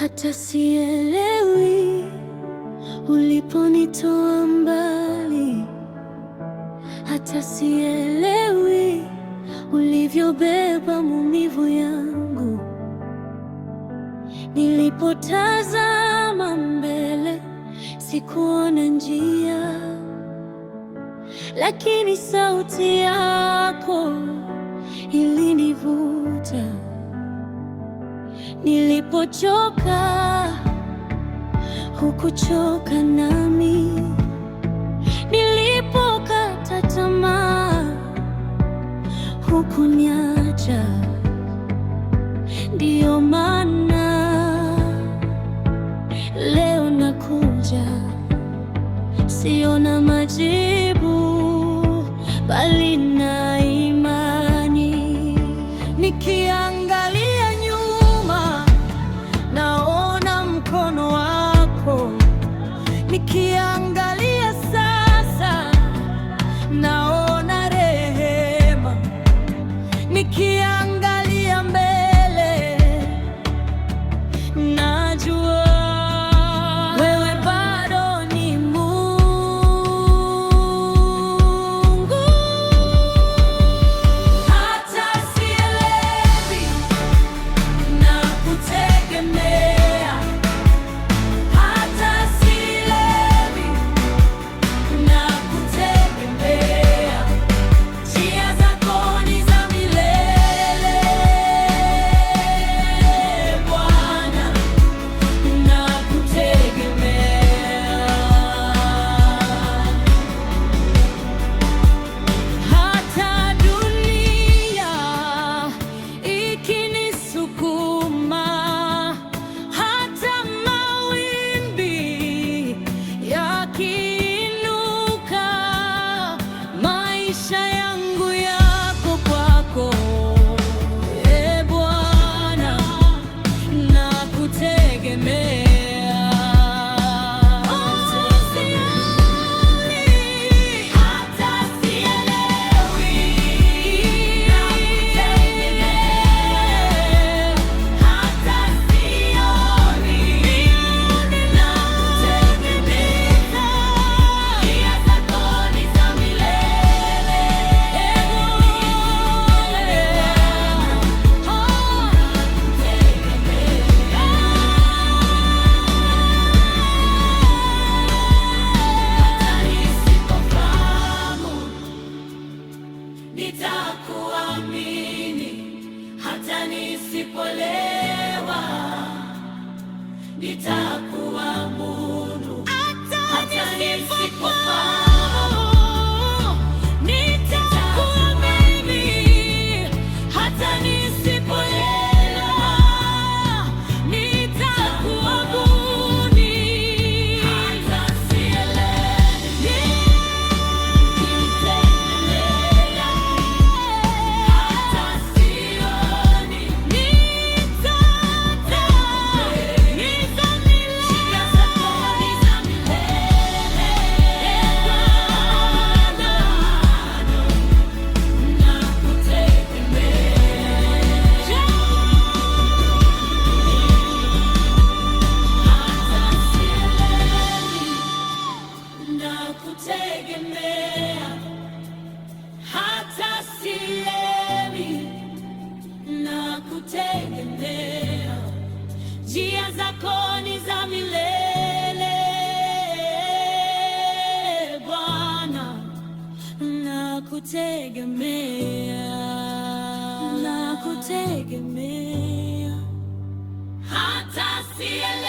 hata sielewi uliponitoa mbali, hata sielewi ulivyobeba maumivu yangu. Nilipotazama mbele sikuona njia, lakini sauti yako ilinivuta. Nilipochoka hukuchoka nami, nilipokata tamaa hukuniacha. Ndiyo maana leo nakuja, sio na majibu bali me kill wish I nitakapolewa nita kutegemea na kutegemea hata siele